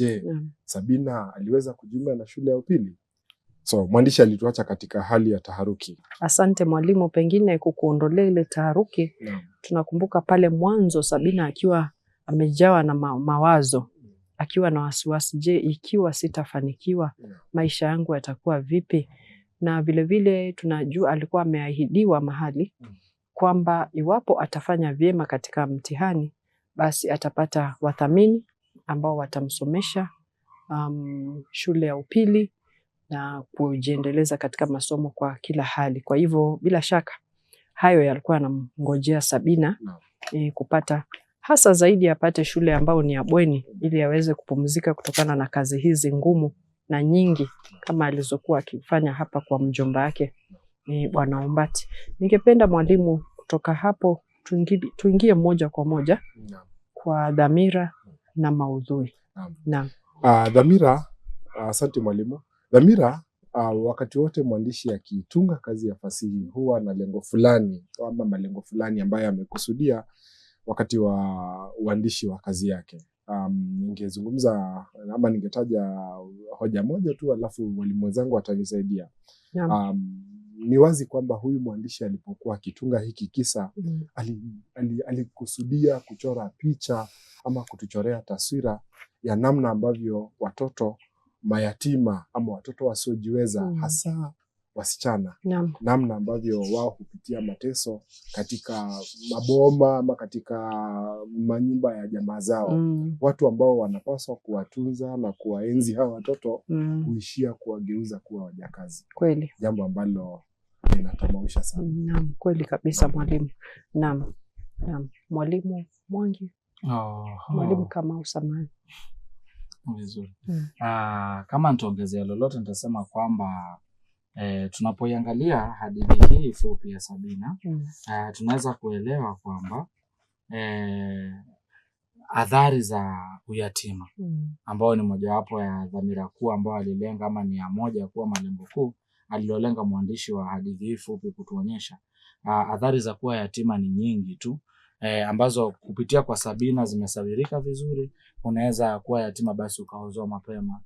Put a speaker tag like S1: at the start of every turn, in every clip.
S1: Je, mm. Sabina aliweza kujiunga na shule ya upili? So mwandishi alituacha katika hali ya taharuki.
S2: Asante mwalimu, pengine kukuondolea ile taharuki mm. Tunakumbuka pale mwanzo Sabina akiwa amejawa na ma mawazo mm. akiwa na wasiwasi, je, ikiwa sitafanikiwa maisha yangu yatakuwa vipi? Na vilevile tunajua alikuwa ameahidiwa mahali mm. kwamba iwapo atafanya vyema katika mtihani basi atapata wathamini ambao watamsomesha um, shule ya upili na kujiendeleza katika masomo kwa kila hali. Kwa hivyo bila shaka hayo yalikuwa yanamngojea Sabina eh, kupata hasa zaidi apate shule ambayo ni ya bweni ili aweze kupumzika kutokana na kazi hizi ngumu na nyingi kama alizokuwa akifanya hapa kwa mjomba wake e, Bwana Ombati. Ningependa mwalimu, kutoka hapo tuingie moja kwa moja kwa dhamira na maudhui na
S1: ah, dhamira. Ah, asante mwalimu. Dhamira uh, wakati wote mwandishi akitunga kazi ya fasihi huwa na lengo fulani ama malengo fulani ambayo amekusudia wakati wa uandishi wa kazi yake. Um, ningezungumza ama ningetaja hoja moja tu alafu mwalimu mwenzangu atanisaidia. Um, ni wazi kwamba huyu mwandishi alipokuwa akitunga hiki kisa mm. alikusudia ali, ali kuchora picha ama kutuchorea taswira ya namna ambavyo watoto mayatima ama watoto wasiojiweza mm. hasa wasichana Nam. namna ambavyo wao hupitia mateso katika maboma ama katika manyumba ya jamaa zao mm. Watu ambao wanapaswa kuwatunza na kuwaenzi hawa watoto mm. huishia kuwageuza kuwa wajakazi kweli, jambo ambalo inatamausha sana.
S2: Naam, kweli kabisa mwalimu. Naam, naam, mwalimu Mwangi. Oh, mwalimu Kamau, samahani. Vizuri. Mm.
S1: Uh, kama nitaongezea lolote nitasema kwamba eh, tunapoiangalia hadithi hii fupi ya Sabina mm. ah, tunaweza kuelewa kwamba eh, adhari za uyatima mm. ambayo ni mojawapo ya dhamira kuu ambayo alilenga ama ni ya moja kuwa malengo kuu alilolenga mwandishi wa hadithi hii fupi kutuonyesha. Uh, Athari za kuwa yatima ni nyingi tu eh, ambazo kupitia kwa Sabina zimesawirika vizuri. Unaweza kuwa yatima basi ukaozoa mapema,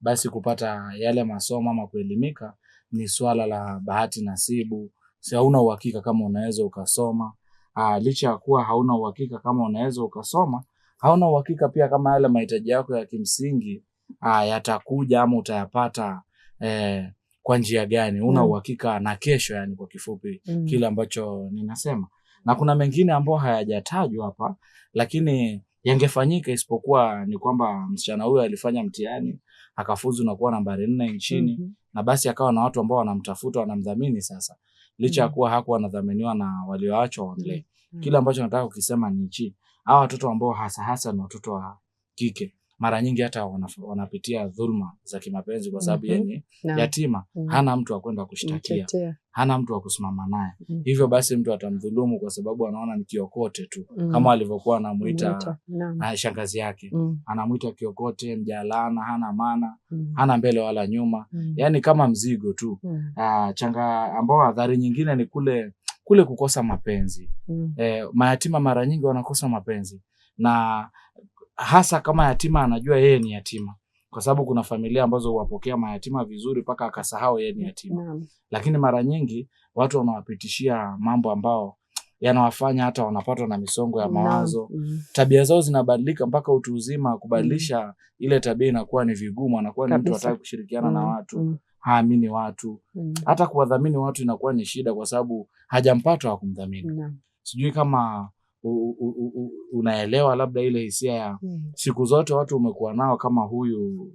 S1: basi kupata yale masomo ama kuelimika ni swala la bahati nasibu. Si hauna uhakika kama unaweza ukasoma. Uh, licha ya kuwa hauna uhakika kama unaweza ukasoma, hauna uhakika pia kama yale mahitaji yako ya kimsingi uh, yatakuja ama utayapata eh, kwa njia gani, una mm. uhakika na kesho, yani kwa kifupi mm. kile ambacho ninasema, na kuna mengine ambayo hayajatajwa hapa, lakini yangefanyika, isipokuwa ni kwamba msichana huyo alifanya mtihani akafuzu na kuwa nambari nne nchini mm -hmm. na basi akawa na watu ambao wanamtafuta wanamdhamini sasa, licha ya mm -hmm. kuwa hakuwa anadhaminiwa na walioachwa wamlee. mm -hmm. Kile ambacho nataka kukisema ni hichi, hawa watoto ambao hasa hasa ni watoto wa kike mm mara nyingi hata wanapitia dhulma za kimapenzi kwa sababu mm -hmm. yeye no. yatima mm -hmm. hana mtu wa kwenda kushtakia hana mtu wa kusimama naye mm -hmm. hivyo basi mtu atamdhulumu kwa sababu anaona ni kiokote tu mm -hmm. kama alivyokuwa anamuita no. shangazi yake mm -hmm. anamuita kiokote, mjalana, hana maana mm -hmm. hana mbele wala nyuma mm -hmm. yani kama mzigo tu mm -hmm. uh, changa ambao adhari nyingine ni kule kule kukosa mapenzi mm -hmm. eh, mayatima mara nyingi wanakosa mapenzi na hasa kama yatima anajua yeye ni yatima, kwa sababu kuna familia ambazo huwapokea mayatima vizuri mpaka akasahau yeye ni yatima mm. Lakini mara nyingi watu wanawapitishia mambo ambao yanawafanya hata wanapatwa na misongo ya mawazo mm. Tabia zao zinabadilika mpaka utu uzima, kubadilisha mm. ile tabia inakuwa ni vigumu, anakuwa ni mtu hataki kushirikiana mm. na watu mm. haamini watu mm. hata kuwadhamini watu inakuwa ni shida, kwa sababu hajampatwa kumdhamini mm. Sijui kama unaelewa labda ile hisia ya mm. siku zote watu umekuwa nao kama huyu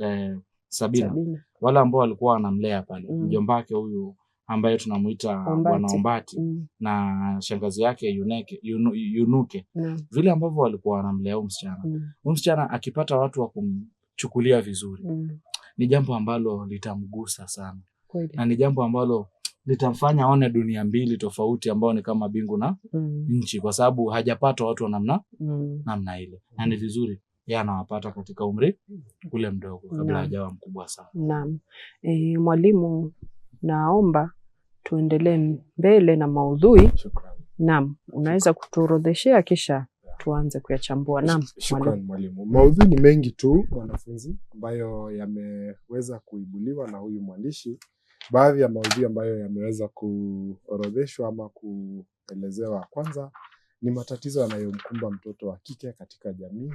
S1: eh, Sabina, Sabina. Wale ambao walikuwa wanamlea pale hmm. mjomba mm. wake huyu ambaye tunamuita Bwana Ombati mm. na shangazi yake Yuneke, yun, Yunuke mm. vile ambavyo walikuwa wanamlea huyu msichana mm. msichana akipata watu wa kumchukulia vizuri mm. ni jambo ambalo litamgusa sana Kwele. na ni jambo ambalo litamfanya aone dunia mbili tofauti ambao ni kama bingu na mm. nchi, kwa sababu hajapata watu wa namna mm. namna ile mm. na ni vizuri yeye anawapata katika umri ule mdogo kabla hajawa mkubwa sana.
S2: Naam. E, mwalimu, naomba tuendelee mbele na maudhui. nam Naam, unaweza kutuorodheshea kisha tuanze kuyachambua. Naam,
S1: shukrani mwalimu. Maudhui ni mengi tu wanafunzi, ambayo yameweza kuibuliwa na huyu mwandishi baadhi ya maudhui ambayo yameweza kuorodheshwa ama kuelezewa. Kwanza ni matatizo yanayomkumba mtoto wa kike katika jamii,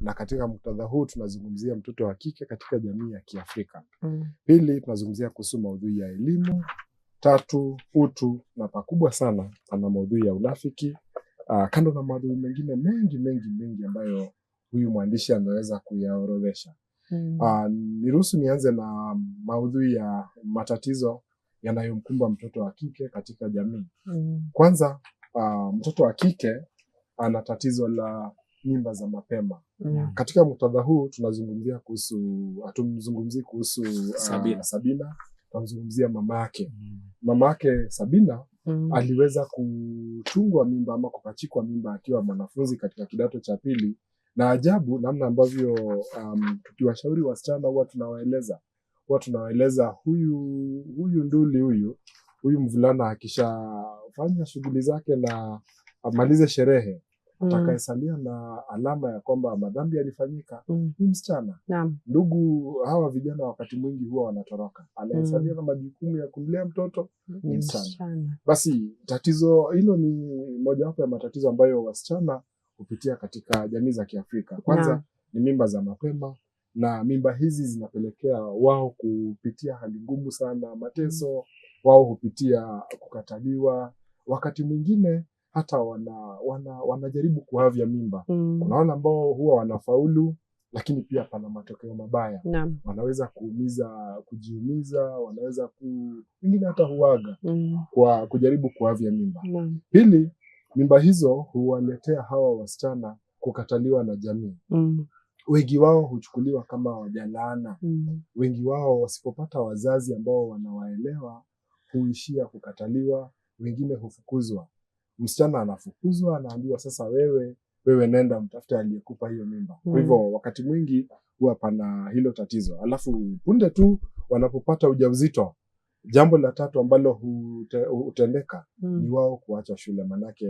S1: na katika muktadha huu tunazungumzia mtoto wa kike katika jamii ya Kiafrika. Mm. Pili, tunazungumzia kuhusu maudhui ya elimu. Tatu, utu, na pakubwa sana ana maudhui ya unafiki. Uh, kando na maudhui mengine mengi mengi mengi ambayo huyu mwandishi ameweza kuyaorodhesha mm. Uh, niruhusu nianze na maudhui ya matatizo yanayomkumba mtoto wa kike katika jamii mm. Kwanza uh, mtoto wa kike ana tatizo la mimba za mapema mm. Katika muktadha huu tunazungumzia kuhusu, hatumzungumzii kuhusu
S2: uh,
S1: Sabina, tunamzungumzia mama yake mm. Mama yake Sabina mm. aliweza kutungwa mimba ama kupachikwa mimba akiwa mwanafunzi katika kidato cha pili na ajabu namna ambavyo um, tukiwashauri wasichana huwa tunawaeleza huwa tunawaeleza huyu huyu nduli huyu huyu mvulana akishafanya shughuli zake na amalize sherehe mm. atakayesalia na alama ya kwamba madhambi yalifanyika mm. ni msichana Naam. ndugu hawa vijana wakati mwingi huwa wanatoroka anayesalia mm. na majukumu ya kumlea mtoto ni msichana basi tatizo hilo ni mojawapo ya matatizo ambayo wasichana kupitia katika jamii za Kiafrika. Kwanza na, ni mimba za mapema na mimba hizi zinapelekea wao kupitia hali ngumu sana, mateso. Mm. Wao hupitia kukataliwa, wakati mwingine hata wana, wana, wanajaribu kuavya mimba mm. Kuna wale ambao huwa wanafaulu, lakini pia pana matokeo mabaya na, wanaweza kuumiza, kujiumiza, wanaweza ku wengine hata huaga mm. kwa kujaribu kuavya mimba. Pili Mimba hizo huwaletea hawa wasichana kukataliwa na jamii mm. Wengi wao huchukuliwa kama wajalaana mm. Wengi wao wasipopata wazazi ambao wanawaelewa huishia kukataliwa, wengine hufukuzwa. Msichana anafukuzwa, anaambiwa sasa, wewe wewe nenda mtafute aliyekupa hiyo mimba. Kwa hivyo mm. wakati mwingi huwa pana hilo tatizo, alafu punde tu wanapopata ujauzito Jambo la tatu ambalo hutendeka mm. ni wao kuacha shule, manake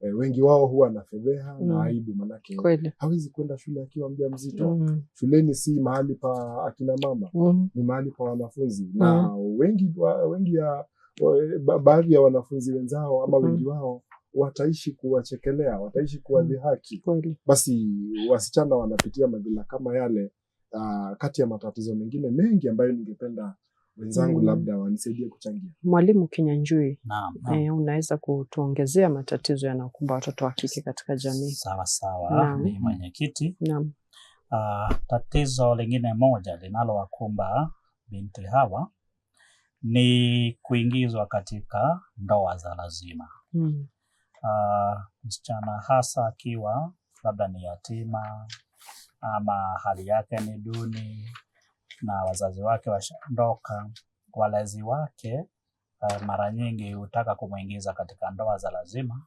S1: e, wengi wao huwa na fedheha mm. na hmm. aibu, manake hawezi kwenda shule akiwa mzito mm. Shuleni si mahali pa akina mama mm. ni mahali pa wanafunzi mm. na hmm. wengi, wengi ya baadhi ya wanafunzi wenzao ama mm. wengi wao wataishi kuwachekelea, wataishi hmm. kuwadhihaki mm. Basi wasichana wanapitia madhila kama yale, uh, kati ya matatizo mengine mengi ambayo ningependa wenzangu mm. labda wanisaidie kuchangia.
S2: Mwalimu Kinyanjui, e, unaweza kutuongezea matatizo yanayokumba watoto wa kike katika jamii?
S1: Sawa sawa, ni mwenyekiti. Naam. Uh, tatizo lingine moja linalowakumba binti hawa ni kuingizwa katika ndoa za lazima. mm. Uh, msichana hasa akiwa labda ni yatima ama hali yake ni duni na wazazi wake washaondoka, walezi wake uh, mara nyingi hutaka kumwingiza katika ndoa za lazima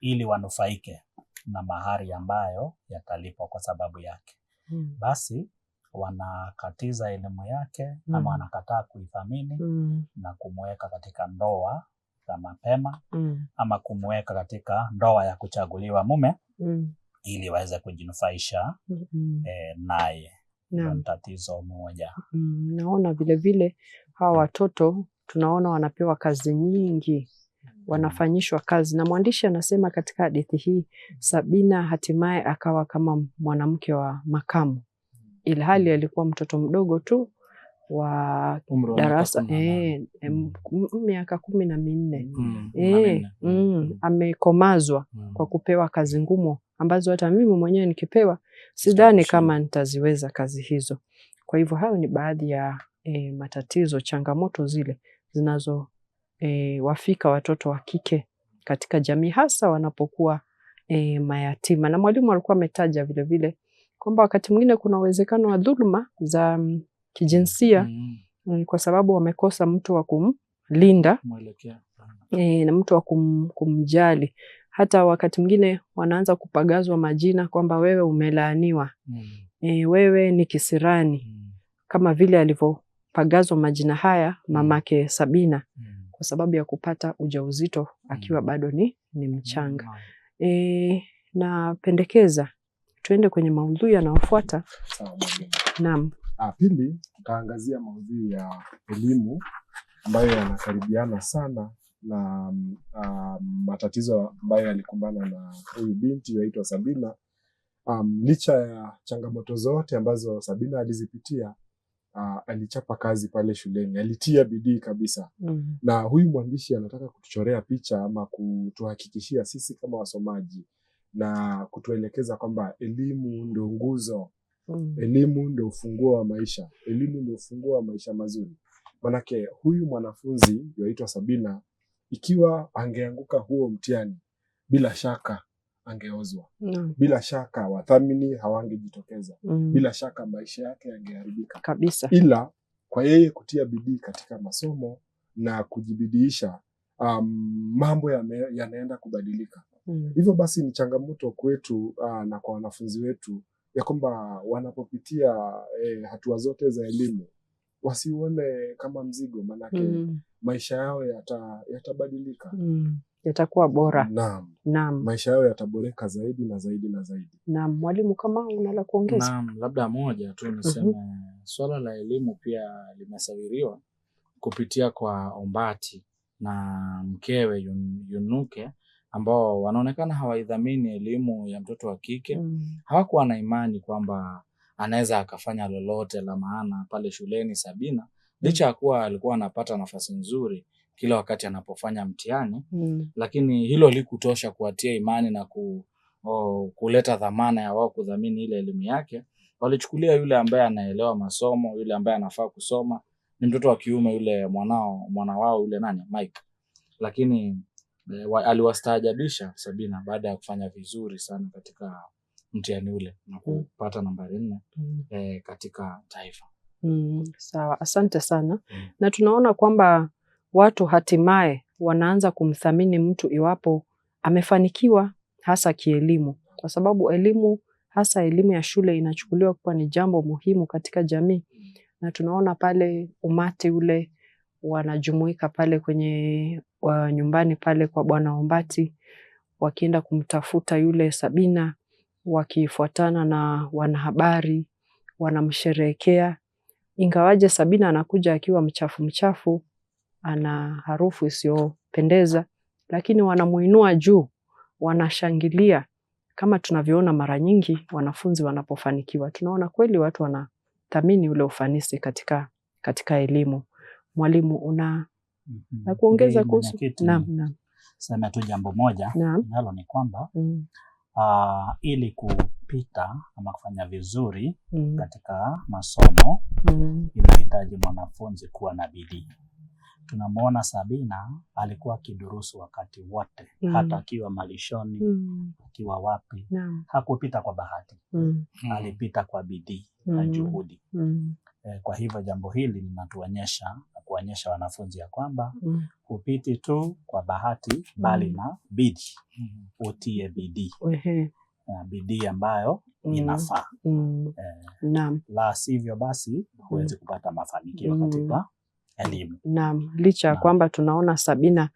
S1: ili wanufaike na mahari ambayo yatalipwa kwa sababu yake. Hmm. Basi wanakatiza elimu yake hmm, ama wanakataa kuithamini hmm, na kumweka katika ndoa za mapema hmm, ama kumweka katika ndoa ya kuchaguliwa mume hmm, ili waweze kujinufaisha hmm, e, naye na tatizo moja.
S2: Mm, naona naona vilevile hawa watoto tunaona wanapewa kazi nyingi, wanafanyishwa kazi, na mwandishi anasema katika hadithi hii Sabina hatimaye akawa kama mwanamke wa makamu, ilhali mm. alikuwa mtoto mdogo tu wa darasa eh, mm. miaka kumi na minne mm, eh, mm, amekomazwa mm, kwa kupewa kazi ngumu ambazo hata mimi mwenyewe nikipewa Sidhani kama nitaziweza kazi hizo. Kwa hivyo hayo ni baadhi ya e, matatizo, changamoto zile zinazo e, wafika watoto wa kike katika jamii hasa wanapokuwa e, mayatima. Na mwalimu alikuwa ametaja vile vile kwamba wakati mwingine kuna uwezekano wa dhuluma za m, mm, kijinsia mm, kwa sababu wamekosa mtu wa kumlinda e, na mtu wa kum, kumjali hata wakati mwingine wanaanza kupagazwa majina kwamba wewe umelaaniwa, mm. E, wewe ni kisirani, mm. kama vile alivyopagazwa majina haya mamake hmm. Sabina, mm. kwa sababu ya kupata ujauzito akiwa hmm. bado ni, ni mchanga. mm. E, napendekeza tuende kwenye maudhui yanayofuata. Naam.
S1: Ah, pili, tutaangazia maudhui ya elimu ambayo yanakaribiana sana na uh, matatizo ambayo alikumbana na huyu binti yaitwa Sabina. Um, licha ya changamoto zote ambazo Sabina alizipitia uh, alichapa kazi pale shuleni, alitia bidii kabisa mm. Na huyu mwandishi anataka kutuchorea picha ama kutuhakikishia sisi kama wasomaji na kutuelekeza kwamba elimu ndio nguzo mm. Elimu ndio ufunguo wa maisha, elimu ndio ufunguo wa maisha mazuri. Manake huyu mwanafunzi yaitwa Sabina ikiwa angeanguka huo mtihani, bila shaka angeozwa mm. Bila shaka wathamini hawangejitokeza mm. Bila shaka maisha yake yangeharibika kabisa, ila kwa yeye kutia bidii katika masomo na kujibidiisha, um, mambo yanaenda kubadilika mm. Hivyo basi ni changamoto kwetu, uh, na kwa wanafunzi wetu ya kwamba wanapopitia eh, hatua zote za elimu wasiuone kama mzigo, maanake mm. maisha yao yatabadilika,
S2: yata mm. yatakuwa bora. Naam. Naam.
S1: maisha yao yataboreka zaidi na zaidi na zaidi.
S2: Naam. Mwalimu, kama unala kuongeza?
S1: Naam, labda moja tu mhm. niseme mm -hmm. swala la elimu pia limesawiriwa kupitia kwa Ombati na mkewe yun, Yunuke ambao wanaonekana hawaidhamini elimu ya mtoto wa kike mm. hawakuwa na imani kwamba anaweza akafanya lolote la maana pale shuleni Sabina, licha ya kuwa alikuwa anapata nafasi nzuri kila wakati anapofanya mtihani mm. Lakini hilo likutosha kuwatia imani na ku, oh, kuleta dhamana ya wao kudhamini ile elimu yake. Walichukulia yule ambaye anaelewa masomo, yule ambaye anafaa kusoma, ni mtoto wa kiume yule mwanao, mwana wao yule nani Mike, lakini eh, aliwastaajabisha Sabina baada ya kufanya vizuri sana katika mtiani ule na mm. kupata nambari nne mm. eh, katika taifa
S2: mm. Sawa, asante sana mm. Na tunaona kwamba watu hatimaye wanaanza kumthamini mtu iwapo amefanikiwa hasa kielimu, kwa sababu elimu hasa elimu ya shule inachukuliwa kuwa ni jambo muhimu katika jamii, na tunaona pale umati ule wanajumuika pale kwenye wa nyumbani pale kwa Bwana Ombati wakienda kumtafuta yule Sabina wakifuatana na wanahabari wanamsherehekea, ingawaje Sabina anakuja akiwa mchafu mchafu, ana harufu isiyopendeza, lakini wanamuinua juu, wanashangilia kama tunavyoona mara nyingi wanafunzi wanapofanikiwa, tunaona kweli watu wanathamini ule ufanisi katika katika elimu. Mwalimu, una mm-hmm. na kuongeza kuhusu? Naam, naam.
S1: Sema tu jambo moja nalo ni kwamba mm uh, ili kupita ama kufanya vizuri mm. katika masomo mm. inahitaji mwanafunzi kuwa na bidii. Tunamwona Sabina alikuwa akidurusu wakati wote mm. hata akiwa malishoni mm. akiwa wapi no. hakupita kwa bahati mm. mm. alipita kwa bidii mm. na juhudi mm. Eh, kwa hivyo jambo hili linatuonyesha kuonyesha wanafunzi ya kwamba mm. hupiti tu kwa bahati bali mm. na bidii mm. utie bidii na bidii ambayo mm. inafaa
S2: mm. eh,
S1: la sivyo basi huwezi mm. kupata mafanikio mm. katika elimu.
S2: Naam, licha ya kwamba tunaona Sabina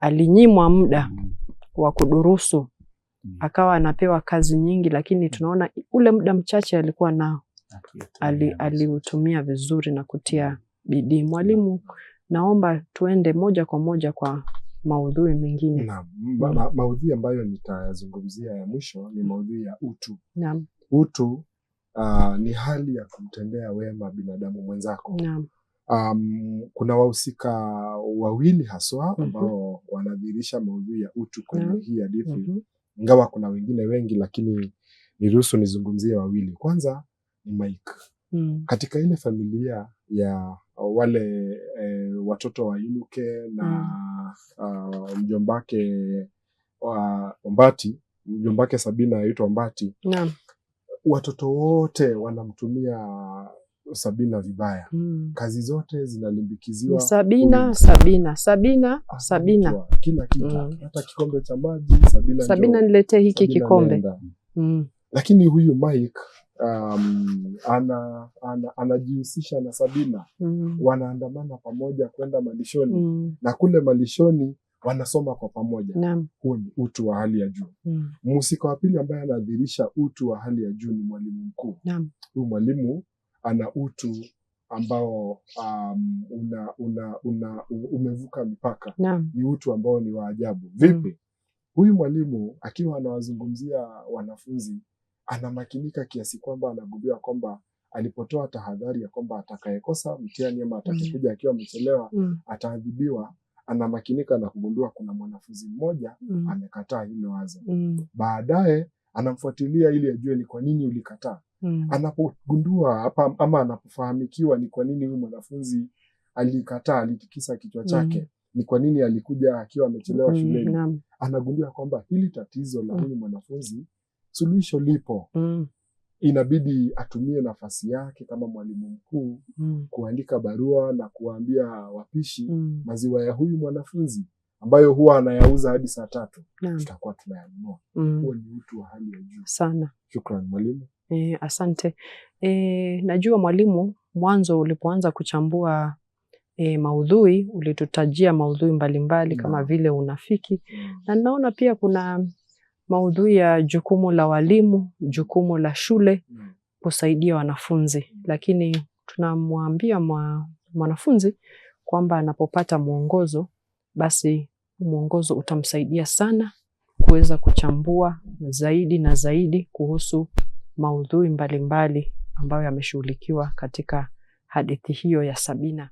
S2: alinyimwa muda mm. wa kudurusu mm. akawa anapewa kazi nyingi, lakini mm. tunaona ule muda mchache alikuwa nao aliutumia ali vizuri na kutia bidii. Mwalimu, naomba tuende moja kwa moja kwa maudhui mengine.
S1: ma, ma, maudhui ambayo nitayazungumzia ya mwisho ni maudhui ya utu. Naam. Utu uh, ni hali ya kumtendea wema binadamu mwenzako. Naam. Um, kuna wahusika wawili haswa mhm. ambao mm -hmm. wanadhihirisha maudhui ya utu kwenye yeah. hii hadithi mm -hmm. ingawa kuna wengine wengi, lakini niruhusu nizungumzie wawili. Kwanza ni Mike mm. katika ile familia ya wale e, watoto wa Inuke na mm. uh, mjombake wa Ombati, mjombake Sabina aitwa Ombati mm. watoto wote wanamtumia Sabina vibaya mm. kazi zote zinalimbikiziwa
S2: Sabina, Sabina, Sabina, ah, Sabina
S1: kila kitu mm. hata kikombe cha maji Sabina,
S2: Sabina niletee hiki Sabina kikombe mm.
S1: lakini huyu Mike um, anajihusisha ana, ana na Sabina mm. wanaandamana pamoja kwenda malishoni mm. na kule malishoni wanasoma kwa pamoja. huu ni utu wa hali ya juu. Mm. Mhusika mm. wa pili ambaye anadhihirisha utu wa hali ya juu ni mwalimu mkuu. Huyu mwalimu ana utu ambao um, una, una, una, umevuka mipaka. Ni utu ambao ni wa ajabu. Vipi? Mm. Huyu mwalimu akiwa anawazungumzia wanafunzi anamakinika kiasi kwamba anagundua kwamba alipotoa tahadhari ya kwamba atakayekosa mtihani ama atakayekuja akiwa amechelewa mm. ataadhibiwa anamakinika na kugundua kuna mwanafunzi mmoja mm. amekataa hilo wazo mm. Baadaye anamfuatilia ili ajue ni kwa nini ulikataa. mm. Anapogundua ama anapofahamikiwa ni kwa nini huyu mwanafunzi alikataa, alitikisa kichwa mm. chake mm. ni kwa nini alikuja akiwa amechelewa mm.
S2: shuleni,
S1: anagundua kwamba hili tatizo la mm. huyu mwanafunzi suluhisho lipo mm. Inabidi atumie nafasi yake kama mwalimu mkuu mm. kuandika barua na kuwaambia wapishi mm. maziwa ya huyu mwanafunzi ambayo huwa anayauza hadi saa tatu tutakuwa tunayanunua. Mm. Huo ni utu wa hali ya juu sana. Shukran mwalimu.
S2: E, asante. E, najua mwalimu, mwanzo ulipoanza kuchambua e, maudhui ulitutajia maudhui mbalimbali mbali, kama vile unafiki na naona pia kuna maudhui ya jukumu la walimu, jukumu la shule mm. kusaidia wanafunzi, lakini tunamwambia mwa, mwanafunzi kwamba anapopata mwongozo basi mwongozo utamsaidia sana kuweza kuchambua zaidi na zaidi kuhusu maudhui mbalimbali ambayo yameshughulikiwa katika hadithi hiyo ya Sabina.